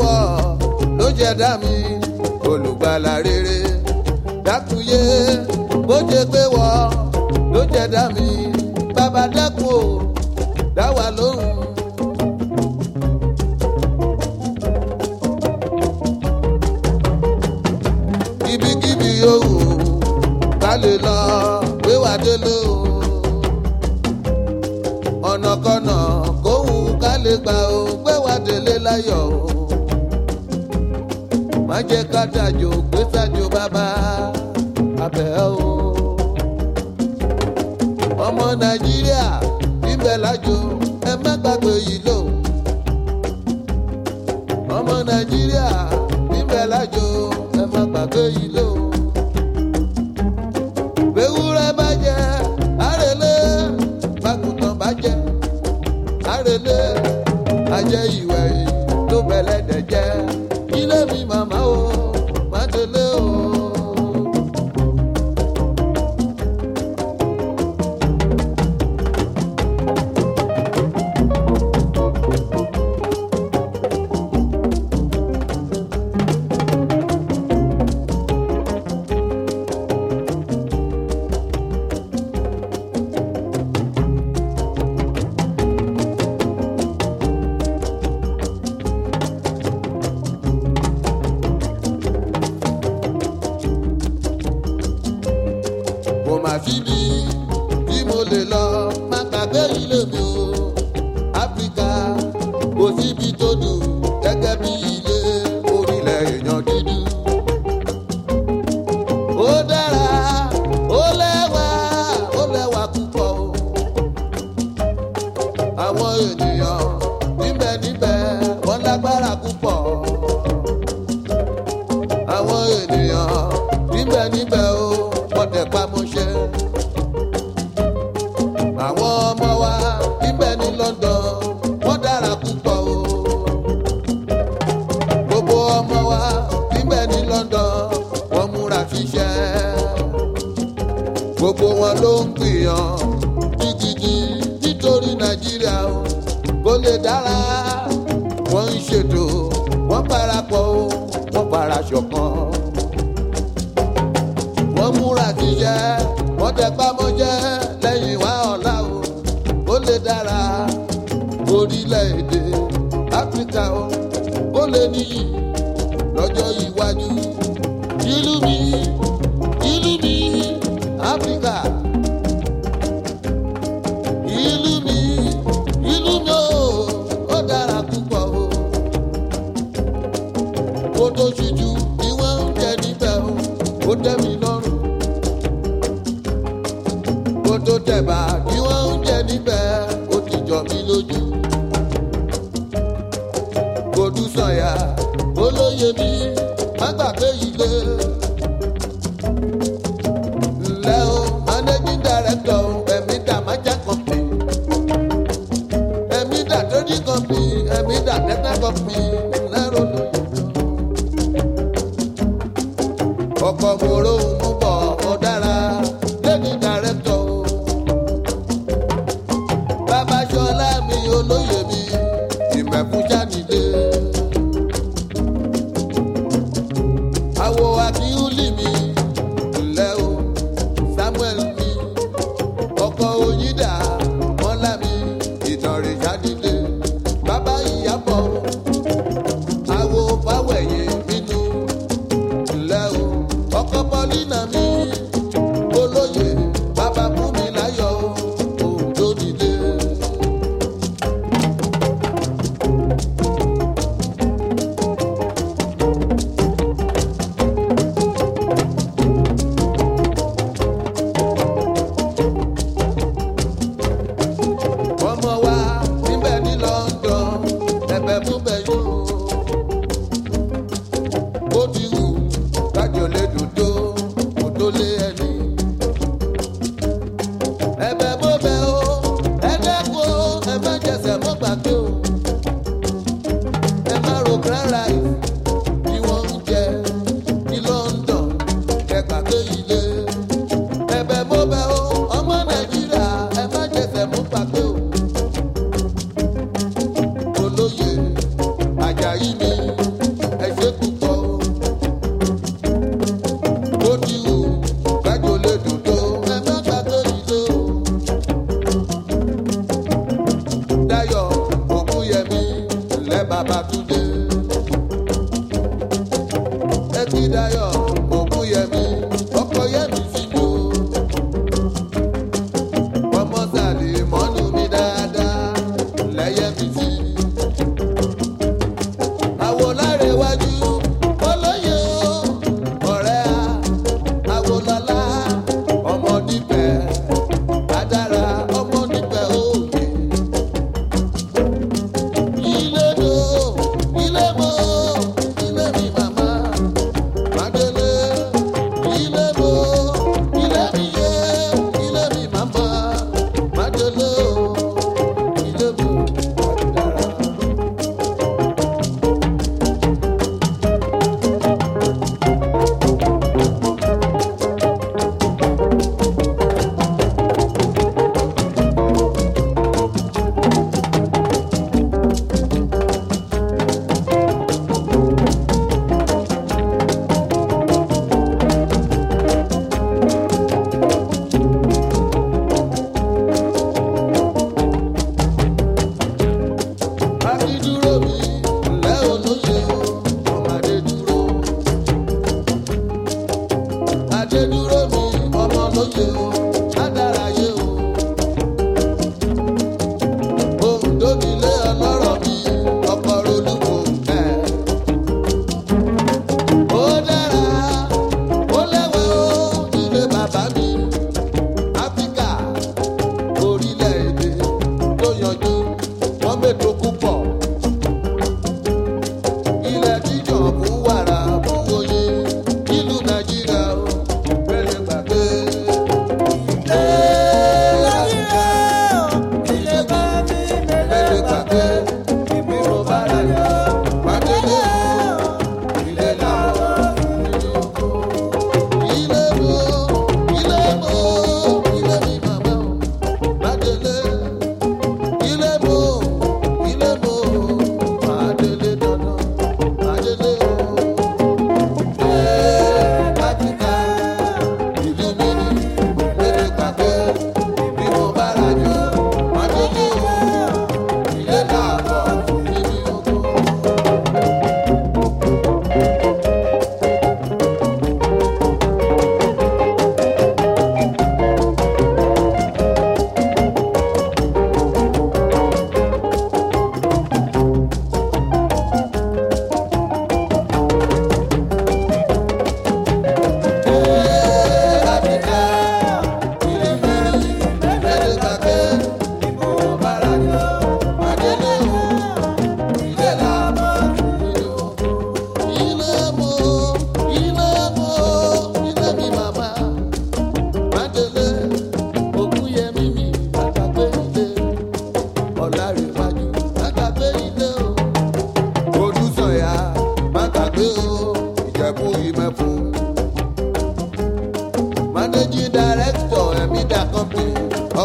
wọ̀ ló jẹ́ dá mi olùgbàlà rere dákúyé bó jẹ́ pé wọ̀ ló jẹ́ dá mi bàbá dákun o dá wa lóhùn. ibikíbi yòówù ká lè lọ gbé wa délé o ọ̀nàkọ̀nà kóhùn ká lè gbà ó gbé wa délé láyọ̀ o má jẹ́ ká dàjò gbé sájò bàbá abẹ́ o. ọmọ nàìjíríà ibẹ̀ lájò ẹ má gbàgbé yìí lò. ọmọ nàìjíríà ibẹ̀ lájò ẹ má gbàgbé yìí lò. gbẹ̀wúrẹ́ bá jẹ́ àrèlé bákùtàn bá jẹ́ òsibí tó ọmọ wa níbẹ̀ ní London wọ́n múra fíṣẹ́ gbogbo wọn ló ń gbìyàn gidigidi nítorí Nàìjíríà o kó lè dára wọ́n ń ṣètò wọ́n parapọ̀ o wọ́n para ṣọ̀kan wọ́n múra fíṣẹ́ wọ́n tẹpá mọ́ṣẹ́ lẹ́yìn wá ọ̀la o kó lè dára orílẹ̀-èdè Áfíríkà o kó lè níyì lọ́jọ́ iwájú ìlú mi.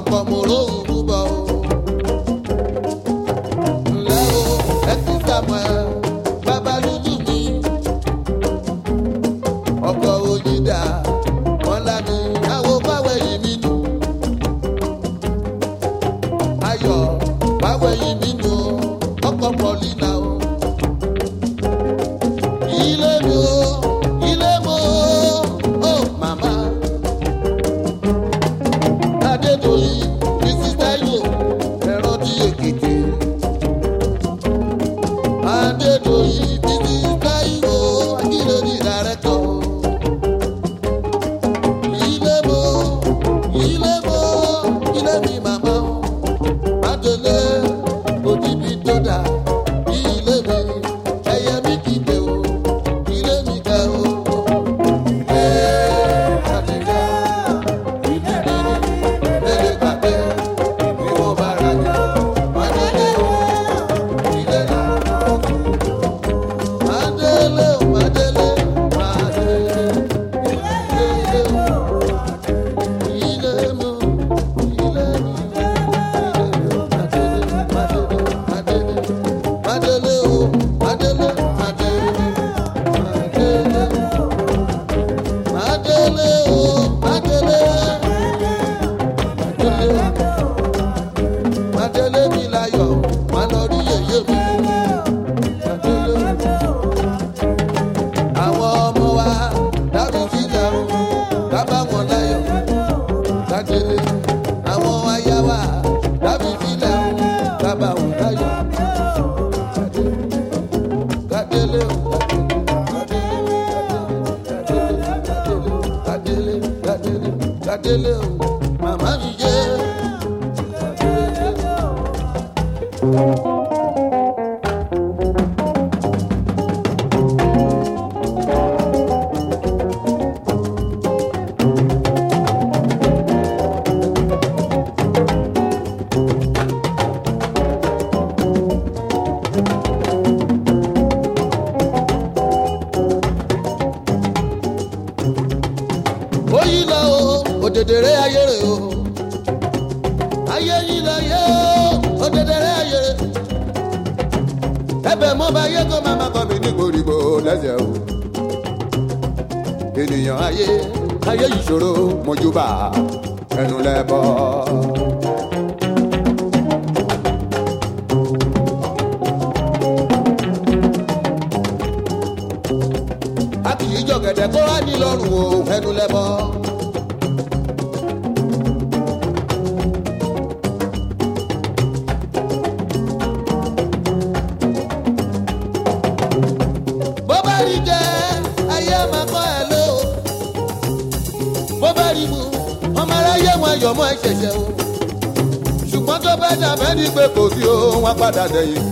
como loco ènìyàn ayé ayé ìṣòro mojúbà ẹnu lẹ́bọ̀. a kì í jọ̀gẹ̀dẹ̀ kó wá ní lọ́rùn o ẹnu lẹ́bọ̀. ọmọ aráyé wọn ayọ̀ mọ́ ẹ̀ṣẹ̀ṣẹ̀ o ṣùgbọ́n tó bá dàbẹ́ ní pé kò sí o wọn padà dẹ̀yìn.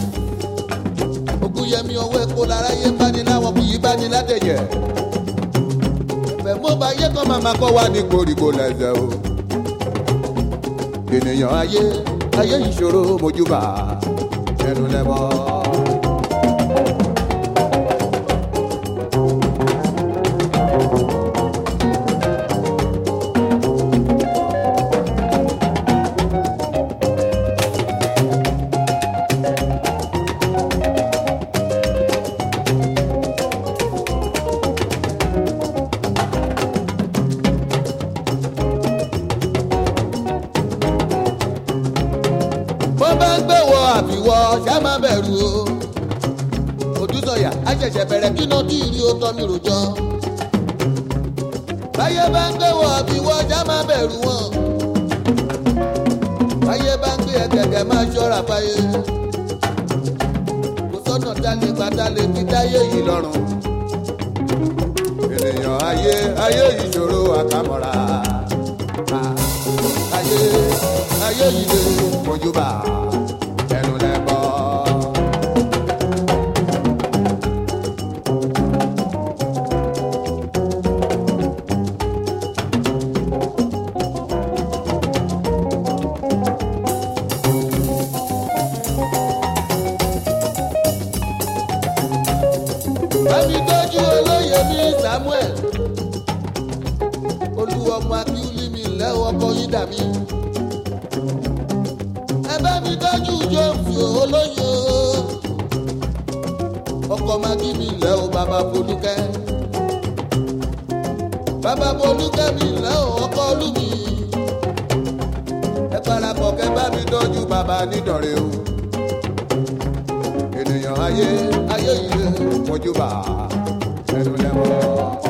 Ògúnyẹmí ọwọ́ epo láráyé báni láwọn kì í báni látẹ̀yẹ̀. fẹ̀mú bá yẹ kọ́ màmá kọ́ wá ní koríko lẹ́sẹ̀ o. ènìyàn ayé ayé ìṣòro mojúbà ẹnu lẹ́bọ̀ọ́. ẹ̀jẹ̀ bẹ̀rẹ̀ kí náà tí ìrì ó tọ́ mi ròjọ́. láyé bá ń gbé wọ̀ bí wọ́jà má bẹ̀rù wọn. láyé bá ń gbé ẹ̀gẹ̀gẹ̀ máa ṣọ́ra fáyé. kò sọ́nà dálé gbadálé fi dáyé yìí lọ́rùn. ènìyàn ayé ayé ìṣòro àkàmọ́ra. ayé ayé yìí lè kojú bá a. Samuel olúwọmọ abíúlí mi lẹ́wọ́ ọkọ yín dà mí. ẹ bá mi tọ́jú jọ́ọ̀fù olóyè ọkọ magi mi lẹ́wọ́ bàbá Folúkẹ́ bàbá Folúkẹ́ mi lẹ́wọ́ ọkọ olúmi ẹ parapọ̀ kẹ́ bá mi tọ́jú bàbá nídọ̀rẹ́ o ènìyàn ayé ayé yìí mọ́jú bàá. There's a devil.